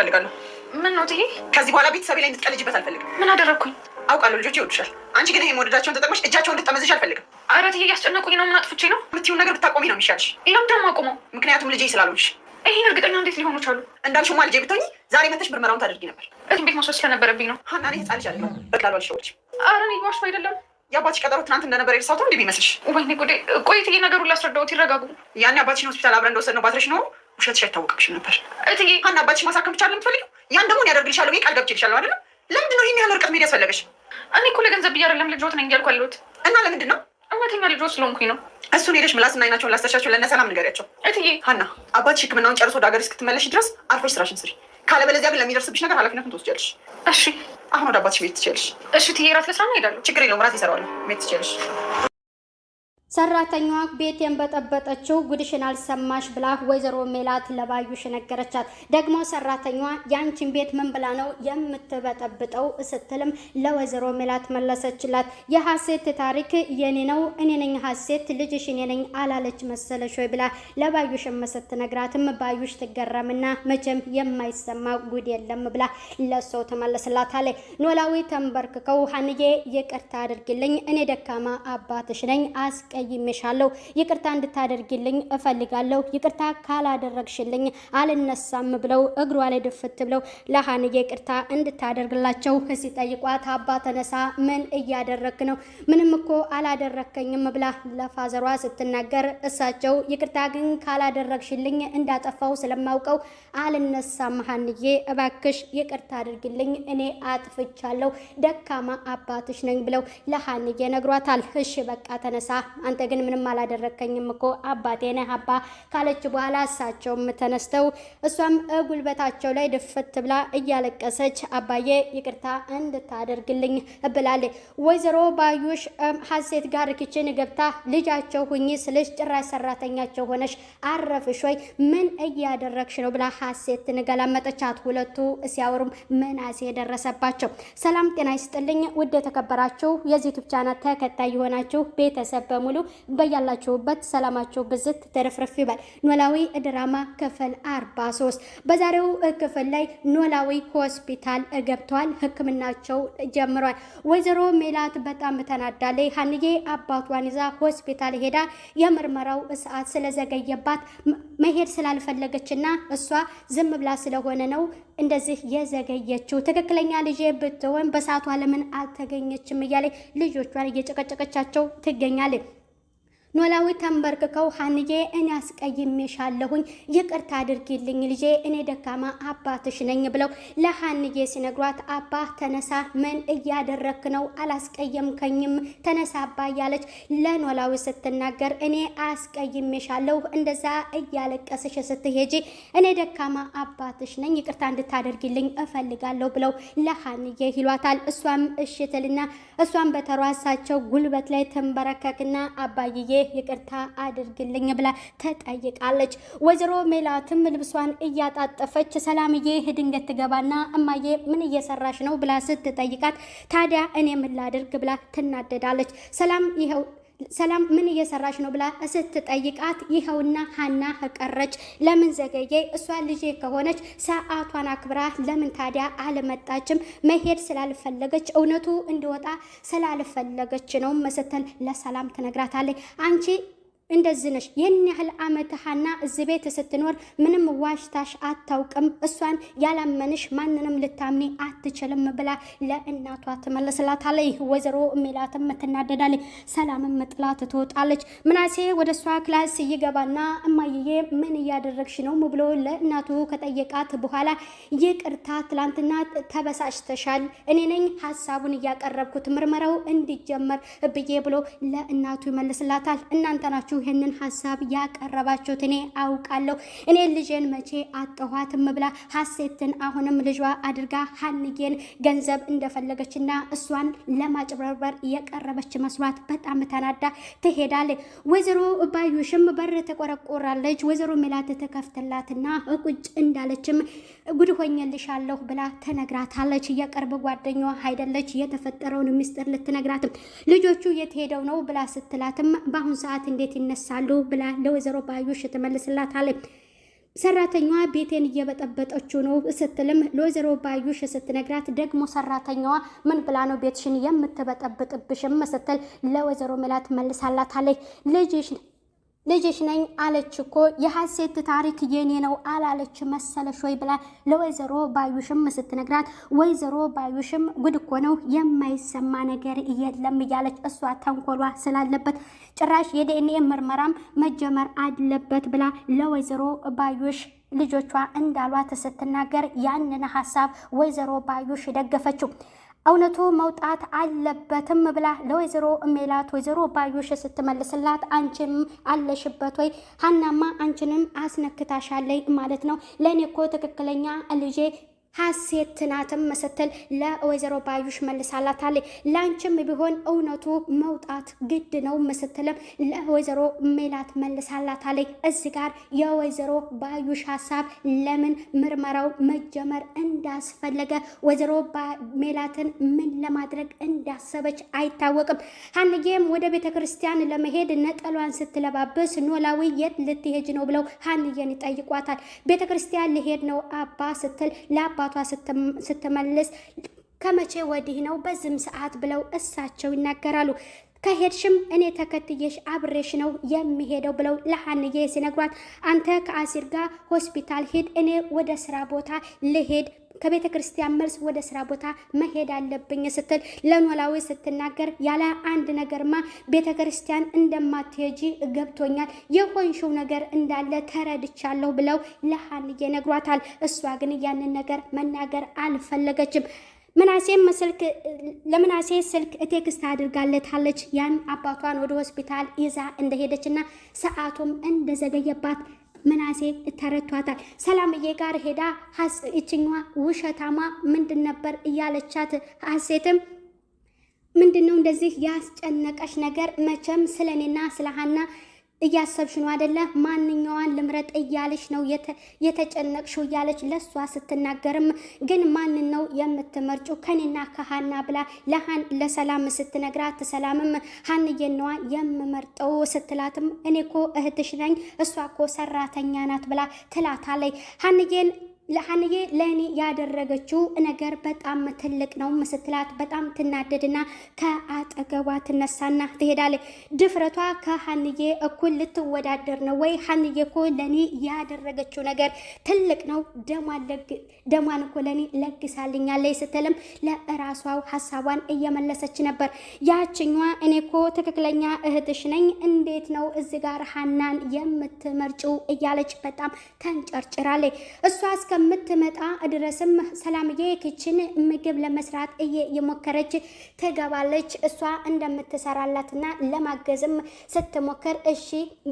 እፈልጋለሁ። ምን ነው ትዬ? ከዚህ በኋላ ቤተሰቤ ላይ እንድትቀልጅበት አልፈልግም። ምን አደረግኩኝ? አውቃለሁ ልጆች ይወዱሻል። አንቺ ግን ይሄ መወደዳቸውን ተጠቅመሽ እጃቸውን እንድትጠመዝሽ አልፈልግም። ኧረ ትዬ እያስጨነቁኝ ነው። ምን አጥፍቼ ነው? የምትይውን ነገር ብታቆሚ ነው የሚሻልሽ። ለምን ደግሞ አቁመው? ምክንያቱም ልጄ ስላልሆንሽ። ይህን እርግጠኛ እንዴት ሊሆኑ ቻሉ? እንዳልሽማ ልጄ ብትሆኚ ዛሬ መተሽ ምርመራውን ታደርጊ ነበር። እዚህ ቤት መውሰድ ስለነበረብኝ ነው። ሀና እኔ ህፃን ልጅ አይደለሁም። በቀላሉ አልሸወድሽም። ኧረ እኔ ዋሽ አይደለም የአባትሽ ቀጠሮ ትናንት እንደነበረ የርሳቱ እንዲ ይመስልሽ? ወይኔ ጉዴ! ቆይ ትዬ ነገሩን ላስረዳዎት፣ ይረጋጉ። ያኔ አባትሽን ሆስፒታል አብረን እንደወሰድነው ባትረሽ ነው ውሸትሽ አይታወቅብሽም ነበር። እትዬ ሀና አባትሽ ማሳከም ብቻ ለምትፈልጊው ያን ደግሞ ያደርግልሻለሁ ብዬ ቃል ገብቼልሻለሁ አይደለም። ለምንድን ነው ይህን ያህል ርቀት መሄድ ያስፈለገሽ? እኔ እኮ ለገንዘብ ብዬ አይደለም ልጆት ነኝ እያልኩ ያለሁት እና ለምንድን ነው እውነተኛ ልጆት ስለሆንኩኝ ነው። እሱን ሄደሽ ምላስና አይናቸውን ላስተሻቸው ለእነ ሰላም ንገሪያቸው። እትዬ ሀና አባትሽ ሕክምናውን ጨርሶ ወደ ሀገር እስክትመለሽ ድረስ አርፈሽ ስራሽን ስሪ። ካለበለዚያ ግን ለሚደርስብሽ ነገር ኃላፊነቱን ትወስጃለሽ። እሺ፣ አሁን ወደ አባትሽ ቤት ትችያለሽ። እሺ እትዬ፣ እራት ለስራ ነው እሄዳለሁ። ችግር የለውም፣ እራት ይሰራዋል። ቤት ትችያለሽ። ሰራተኛዋ ቤቴን በጠበጠችው ጉድሽን አልሰማሽ ብላ ወይዘሮ ሜላት ለባዩሽ ነገረቻት። ደግሞ ሰራተኛዋ ያንቺን ቤት ምን ብላ ነው የምትበጠብጠው ስትልም ለወይዘሮ ሜላት መለሰችላት። የሀሴት ታሪክ የኔ ነው እኔ ነኝ ሀሴት ልጅሽ እኔ ነኝ አላለች መሰለሽ ወይ ብላ መሰት ነግራትም ባዩሽ ትገረምና መቼም የማይሰማ ጉድ የለም ብላ ለሰው አለ ኖላዊ ተንበርክከው ሀንዬ ይቅርታ አድርግልኝ እኔ ደካማ አባትሽ ነኝ አስቀ ተቀይሜሻለሁ፣ ይቅርታ እንድታደርግልኝ እፈልጋለሁ፣ ይቅርታ ካላደረግሽልኝ አልነሳም ብለው እግሯ ላይ ድፍት ብለው ለሀንዬ ይቅርታ እንድታደርግላቸው ሲጠይቋት አባ ተነሳ፣ ምን እያደረክ ነው? ምንም እኮ አላደረከኝም ብላ ለፋዘሯ ስትናገር እሳቸው ይቅርታ ግን ካላደረግሽልኝ እንዳጠፋው ስለማውቀው አልነሳም ሀንዬ እባክሽ ይቅርታ አድርግልኝ እኔ አጥፍቻለሁ ደካማ አባትሽ ነኝ ብለው ለሀንዬ ነግሯታል። እሺ በቃ ተነሳ አንተ ግን ምንም አላደረከኝም እኮ አባቴ ነህ አባ ካለች በኋላ እሳቸውም ተነስተው እሷም ጉልበታቸው ላይ ድፍት ብላ እያለቀሰች አባዬ ይቅርታ እንድታደርግልኝ ብላለች። ወይዘሮ ባዩሽ ሀሴት ጋር ኪችን ገብታ ልጃቸው ሁኚ ስልሽ ጭራሽ ሰራተኛቸው ሆነሽ አረፍሽ ወይ? ምን እያደረግሽ ነው ብላ ሀሴት ንገላመጠቻት። ሁለቱ ሲያወሩም ምናሴ የደረሰባቸው። ሰላም ጤና ይስጥልኝ ውድ የተከበራችሁ የዚህ ቻናል ተከታይ የሆናችሁ ቤተሰብ በሙሉ በያላችሁበት ሰላማቸው ብዝት ተረፍረፍ ይበል። ኖላዊ ድራማ ክፍል 43 በዛሬው ክፍል ላይ ኖላዊ ሆስፒታል ገብተዋል። ህክምናቸው ጀምሯል። ወይዘሮ ሜላት በጣም ተናዳለች። ሀንዬ አባቷን ይዛ ሆስፒታል ሄዳ የምርመራው ሰዓት ስለዘገየባት መሄድ ስላልፈለገችና እሷ ዝም ብላ ስለሆነ ነው እንደዚህ የዘገየችው። ትክክለኛ ልጄ ብትሆን በሰዓቷ ለምን አልተገኘችም? እያለች ልጆቿን እየጨቀጨቀቻቸው ትገኛለች። ኖላዊ ተንበርክከው ሀንዬ እኔ አስቀይሜሻለሁኝ ይቅርታ አድርጊልኝ ልጄ እኔ ደካማ አባትሽ ነኝ ብለው ለሀንዬ ሲነግሯት አባ ተነሳ፣ ምን እያደረክ ነው? አላስቀየምከኝም፣ ተነሳ አባ እያለች ለኖላዊ ስትናገር እኔ አስቀይሜሻለሁ እንደዛ እያለቀስሽ ስትሄጂ እኔ ደካማ አባትሽ ነኝ ይቅርታ እንድታደርጊልኝ እፈልጋለሁ ብለው ለሀንዬ ይሏታል። እሷም እሽትልና እሷም በተሯሳቸው ጉልበት ላይ ተንበረከክና አባይዬ ይቅርታ አድርግልኝ ብላ ተጠይቃለች። ወይዘሮ ሜላትም ልብሷን እያጣጠፈች ሰላምዬ ድንገት ትገባና እማዬ ምን እየሰራሽ ነው ብላ ስትጠይቃት ታዲያ እኔ ምን ላድርግ ብላ ትናደዳለች። ሰላም ይኸው ሰላም ምን እየሰራች ነው ብላ ስትጠይቃት ይኸውና ሀና ቀረች። ለምን ዘገየ? እሷ ልጄ ከሆነች ሰዓቷን አክብራ ለምን ታዲያ አልመጣችም? መሄድ ስላልፈለገች እውነቱ እንዲወጣ ስላልፈለገች ነው መሰተን ለሰላም ትነግራታለች። አንቺ እንደዚህ ነሽ። ይህን ያህል አመት ሀና እዚህ ቤት ስትኖር ምንም ዋሽታሽ አታውቅም፣ እሷን ያላመንሽ ማንንም ልታምኒ አትችልም ብላ ለእናቷ ትመልስላታለች። ወይዘሮ ሜላትም ትናደዳለች። ሰላምም ጥላት ትወጣለች። ምናሴ ወደ እሷ ክላስ ይገባና እማዬ ምን እያደረግሽ ነው ብሎ ለእናቱ ከጠየቃት በኋላ ይቅርታ፣ ትላንትና ተበሳጭተሻል፣ እኔ ነኝ ሀሳቡን እያቀረብኩት ምርመራው እንዲጀመር ብዬ ብሎ ለእናቱ ይመልስላታል። እናንተ ናችሁ ይህንን ሀሳብ ያቀረባችሁት እኔ አውቃለሁ። እኔ ልጄን መቼ አጠኋትም ብላ ሀሴትን አሁንም ልጇ አድርጋ ሀንጌን ገንዘብ እንደፈለገችና እሷን ለማጭበርበር የቀረበች መስሏት በጣም ተናዳ ትሄዳለች። ወይዘሮ ባዩሽም በር ተቆረቆራለች። ወይዘሮ ሜላት ተከፍትላትና ቁጭ እንዳለችም ጉድ ሆኜልሻለሁ ብላ ተነግራታለች። የቅርብ ጓደኛዋ አይደለች የተፈጠረውን ምስጢር ልትነግራትም ልጆቹ የት ሄደው ነው ብላ ስትላትም በአሁን ሰዓት እንዴት ይነሳሉ ብላ ለወይዘሮ ባዩሽ ትመልስላታለች። ሰራተኛዋ ቤቴን እየበጠበጠችው ነው ስትልም ለወይዘሮ ባዩሽ ስትነግራት ደግሞ ሰራተኛዋ ምን ብላ ነው ቤትሽን የምትበጠብጥብሽም ስትል ለወይዘሮ ሜላት መልሳላታለች። ልጅሽ ልጅሽ ነኝ አለች እኮ የሐሴት ታሪክ የኔ ነው አላለች መሰለሽ ወይ ብላ ለወይዘሮ ባዩሽም ስትነግራት፣ ወይዘሮ ባዩሽም ጉድ እኮ ነው የማይሰማ ነገር የለም እያለች እሷ ተንኮሏ ስላለበት ጭራሽ የዲኤንኤ ምርመራም መጀመር አለበት ብላ ለወይዘሮ ባዩሽ ልጆቿ እንዳሏት ስትናገር ያንን ሀሳብ ወይዘሮ ባዩሽ ደገፈችው። እውነቱ መውጣት አለበትም ብላ ለወይዘሮ ሜላት ወይዘሮ ባዮሽ ስትመልስላት አንቺም አለሽበት ወይ ሀናማ አንቺንም አስነክታሻለይ ማለት ነው። ለእኔ እኮ ትክክለኛ ልጄ ሀሴት ናትም ስትል ለወይዘሮ ባዩሽ መልሳላታለች። ላንቺም ቢሆን እውነቱ መውጣት ግድ ነው ምስትልም ለወይዘሮ ሜላት መልሳላታለች። እዚ ጋር የወይዘሮ ባዩሽ ሀሳብ ለምን ምርመራው መጀመር እንዳስፈለገ ወይዘሮ ሜላትን ምን ለማድረግ እንዳሰበች አይታወቅም። ሀንዬም ወደ ቤተ ክርስቲያን ለመሄድ ነጠሏን ስትለባብስ ኖላዊ የት ልትሄጅ ነው ብለው ሀንዬን ይጠይቋታል። ቤተ ክርስቲያን ልሄድ ነው አባ ስትል ለአባ አባቷ ስትመልስ ከመቼ ወዲህ ነው በዝም ሰዓት ብለው እሳቸው ይናገራሉ። ከሄድሽም እኔ ተከትዬሽ አብሬሽ ነው የሚሄደው ብለው ለሀንዬ ሲነግሯት፣ አንተ ከአሲር ጋር ሆስፒታል ሂድ፣ እኔ ወደ ስራ ቦታ ልሄድ ከቤተ ክርስቲያን መልስ ወደ ስራ ቦታ መሄድ አለብኝ ስትል ለኖላዊ ስትናገር ያለ አንድ ነገርማ ቤተ ክርስቲያን እንደማትሄጂ ገብቶኛል፣ የሆንሽው ነገር እንዳለ ተረድቻለሁ ብለው ለሀንዬ ነግሯታል። እሷ ግን ያንን ነገር መናገር አልፈለገችም። ምናሴም ስልክ ለምናሴ ስልክ ቴክስት አድርጋለታለች። ያን አባቷን ወደ ሆስፒታል ይዛ እንደሄደችና ሰዓቱም እንደዘገየባት ምናሴ ተረቷታል። ሰላምዬ ጋር ሄዳ ይችኛ ውሸታማ ምንድን ነበር እያለቻት ሀሴትም ምንድን ነው እንደዚህ ያስጨነቀሽ ነገር? መቼም ስለኔና ስለ ሀና እያሰብሽ ነው አደለ? ማንኛዋን ልምረጥ እያለች ነው የተጨነቅሽው እያለች ለእሷ ስትናገርም፣ ግን ማን ነው የምትመርጩ ከኔና ከሀና ብላ ለሰላም ስትነግራት፣ ሰላምም ሀንዬነዋ የምመርጠው ስትላትም፣ እኔ እኮ እህትሽ ነኝ እሷ እኮ ሰራተኛ ናት ብላ ትላታለች ሀንዬን ለሀንዬ ለእኔ ያደረገችው ነገር በጣም ትልቅ ነው ምስትላት በጣም ትናደድና ከአጠገቧ ትነሳና ትሄዳለች። ድፍረቷ ከሀንዬ እኩል ልትወዳደር ነው ወይ? ሀንዬ እኮ ለእኔ ያደረገችው ነገር ትልቅ ነው፣ ደሟን እኮ ለእኔ ለግሳልኛለች ስትልም ለራሷው ሀሳቧን እየመለሰች ነበር። ያችኛ እኔ እኮ ትክክለኛ እህትሽ ነኝ፣ እንዴት ነው እዚህ ጋር ሀናን የምትመርጭው? እያለች በጣም ተንጨርጭራለች እሷ እስከ እስከምትመጣ ድረስም ሰላምዬ ክችን ምግብ ለመስራት እየሞከረች ትገባለች። እሷ እንደምትሰራላትና ለማገዝም ስትሞክር እሺ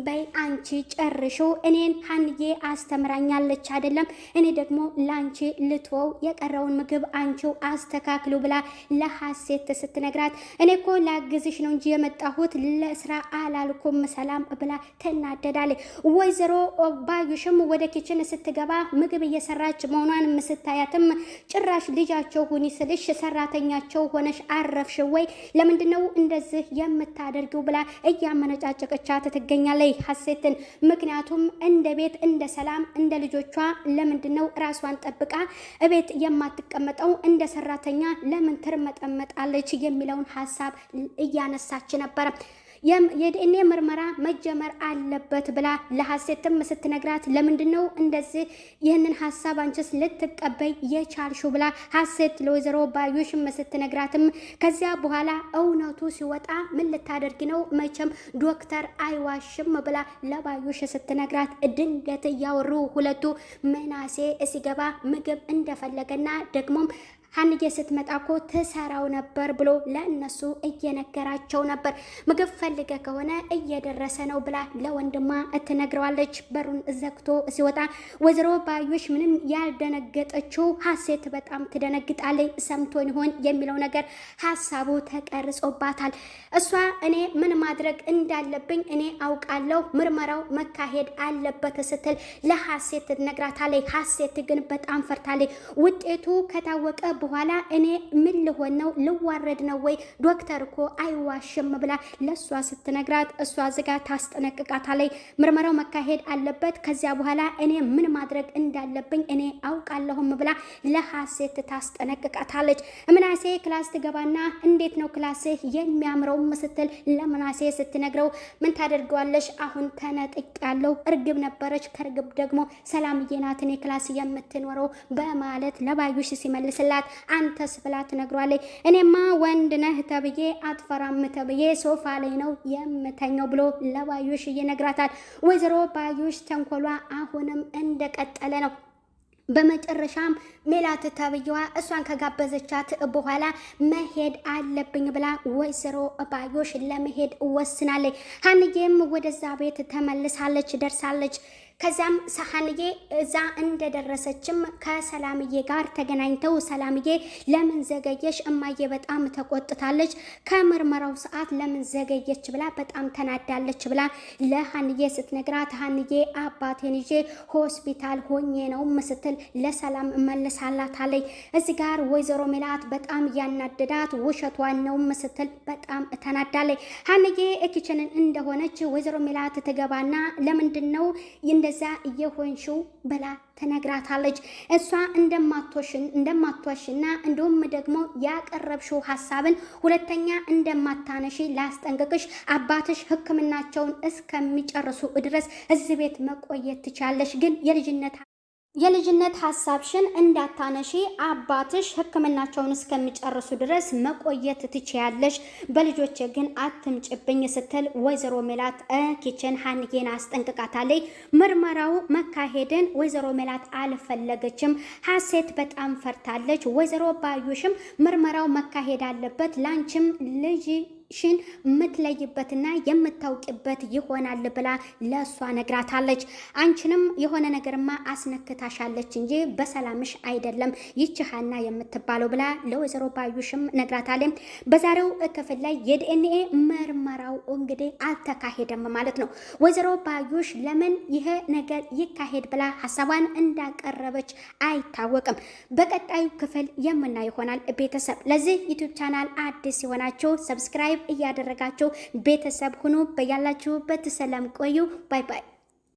በይ አንቺ ጨርሹ፣ እኔን ሀንዬ አስተምራኛለች አይደለም፣ እኔ ደግሞ ለአንቺ ልትወው የቀረውን ምግብ አንቺው አስተካክሉ ብላ ለሀሴት ስትነግራት እኔ እኮ ላግዝሽ ነው እንጂ የመጣሁት ለስራ አላልኩም ሰላም ብላ ትናደዳለች። ወይዘሮ ባዩሽም ወደ ኪችን ስትገባ ምግብ እየሰራ እየሰራች መሆኗንም ስታያትም ጭራሽ ልጃቸው ሁኒ ስልሽ ሰራተኛቸው ሆነሽ አረፍሽ ወይ? ለምንድነው እንደዚህ የምታደርጊው? ብላ እያመነጫጨቀቻት ትገኛለች ሀሴትን። ምክንያቱም እንደ ቤት እንደ ሰላም እንደ ልጆቿ ለምንድነው ራሷን ጠብቃ እቤት የማትቀመጠው? እንደ ሰራተኛ ለምን ትርመጠመጣለች? የሚለውን ሀሳብ እያነሳች ነበር? የዲኤንኤ ምርመራ መጀመር አለበት ብላ ለሀሴትም ስትነግራት ለምንድን ነው እንደዚህ ይህንን ሀሳብ አንቺስ ልትቀበይ የቻልሹ ብላ ሀሴት ለወይዘሮ ባዩሽም ስትነግራትም ከዚያ በኋላ እውነቱ ሲወጣ ምን ልታደርጊ ነው መቼም ዶክተር አይዋሽም ብላ ለባዩሽ ስትነግራት ድንገት እያወሩ ሁለቱ ምናሴ ሲገባ ምግብ እንደፈለገና ደግሞም ሀንዬ ስትመጣ እኮ ትሰራው ነበር ብሎ ለእነሱ እየነገራቸው ነበር። ምግብ ፈልገ ከሆነ እየደረሰ ነው ብላ ለወንድማ እትነግረዋለች። በሩን ዘግቶ ሲወጣ ወይዘሮ ባዩሽ ምንም ያልደነገጠችው ሀሴት በጣም ትደነግጣለች። ሰምቶን ይሆን የሚለው ነገር ሀሳቡ ተቀርጾባታል። እሷ እኔ ምን ማድረግ እንዳለብኝ እኔ አውቃለሁ፣ ምርመራው መካሄድ አለበት ስትል ለሀሴት ትነግራታለች። ሀሴት ግን በጣም ፈርታለች። ውጤቱ ከታወቀ በኋላ እኔ ምን ልሆን ነው? ልዋረድ ነው ወይ? ዶክተር እኮ አይዋሽም ብላ ለእሷ ስትነግራት እሷ ዝጋ ታስጠነቅቃታለች። ምርመራው መካሄድ አለበት። ከዚያ በኋላ እኔ ምን ማድረግ እንዳለብኝ እኔ አውቃለሁም ብላ ለሀሴት ታስጠነቅቃታለች። ምናሴ ክላስ ትገባና እንዴት ነው ክላስህ የሚያምረውም ስትል ለምናሴ ስትነግረው ምን ታደርገዋለሽ? አሁን ያለው እርግብ ነበረች፣ ከእርግብ ደግሞ ሰላምዬ ናት እኔ ክላስ የምትኖረው በማለት ለባዩሽ ሲመልስላት አንተስ ብላ ትነግሯለች። እኔማ ወንድ ነህ ተብዬ አትፈራም ተብዬ ሶፋ ላይ ነው የምተኘው ብሎ ለባዩሽ እየነግራታል። ወይዘሮ ባዩሽ ተንኮሏ አሁንም እንደቀጠለ ነው። በመጨረሻም ሜላት ተብዬዋ እሷን ከጋበዘቻት በኋላ መሄድ አለብኝ ብላ ወይዘሮ ባዮሽ ለመሄድ ወስናለች። ሀንዬም ወደዛ ቤት ተመልሳለች ደርሳለች። ከዚያም ሰሐንዬ እዛ እንደደረሰችም ከሰላምዬ ጋር ተገናኝተው ሰላምዬ ለምን ዘገየሽ እማዬ በጣም ተቆጥታለች፣ ከምርመራው ሰዓት ለምን ዘገየች ብላ በጣም ተናዳለች ብላ ለሀንዬ ስትነግራት ሀንዬ አባቴን ይዤ ሆስፒታል ሆኜ ነው ምስትል ለሰላም እመልሳላታለች። እዚ ጋር ወይዘሮ ሜላት በጣም እያናደዳት ውሸቷን ነው ምስትል በጣም ተናዳለች። ሀንዬ ኪችንን እንደሆነች ወይዘሮ ሜላት ትገባና ለምንድን ነው እንደዛ እየሆንሽው ብላ ተነግራታለች። እሷ እንደማትሽን እንደማትሽና እንዲሁም ደግሞ ያቀረብሽው ሀሳብን ሁለተኛ እንደማታነሺ ላስጠንቅቅሽ፣ አባትሽ ሕክምናቸውን እስከሚጨርሱ ድረስ እዚህ ቤት መቆየት ትቻለሽ ግን የልጅነት የልጅነት ሀሳብሽን እንዳታነሺ አባትሽ ሕክምናቸውን እስከሚጨርሱ ድረስ መቆየት ትችያለሽ፣ በልጆች ግን አትምጭብኝ ስትል ወይዘሮ ሜላት ኪችን ሀንዬን አስጠንቅቃታለች። ምርመራው መካሄድን ወይዘሮ ሜላት አልፈለገችም። ሀሴት በጣም ፈርታለች። ወይዘሮ ባዩሽም ምርመራው መካሄድ አለበት ላንቺም ልጅ ሽን የምትለይበትና የምታውቂበት ይሆናል ብላ ለእሷ ነግራታለች። አንቺንም የሆነ ነገርማ አስነክታሻለች እንጂ በሰላምሽ አይደለም ይች ሀና የምትባለው ብላ ለወይዘሮ ባዩሽም ነግራታለች። በዛሬው ክፍል ላይ የዲኤንኤ ምርመራው እንግዲህ አልተካሄደም ማለት ነው። ወይዘሮ ባዩሽ ለምን ይህ ነገር ይካሄድ ብላ ሀሳቧን እንዳቀረበች አይታወቅም። በቀጣዩ ክፍል የምና ይሆናል። ቤተሰብ ለዚህ ዩቱብ ቻናል አዲስ የሆናችሁ ሰብስክራይብ ሰብስክራይብ እያደረጋችሁ ቤተሰብ ሁኑ። በያላችሁበት ሰላም ቆዩ። ባይ ባይ።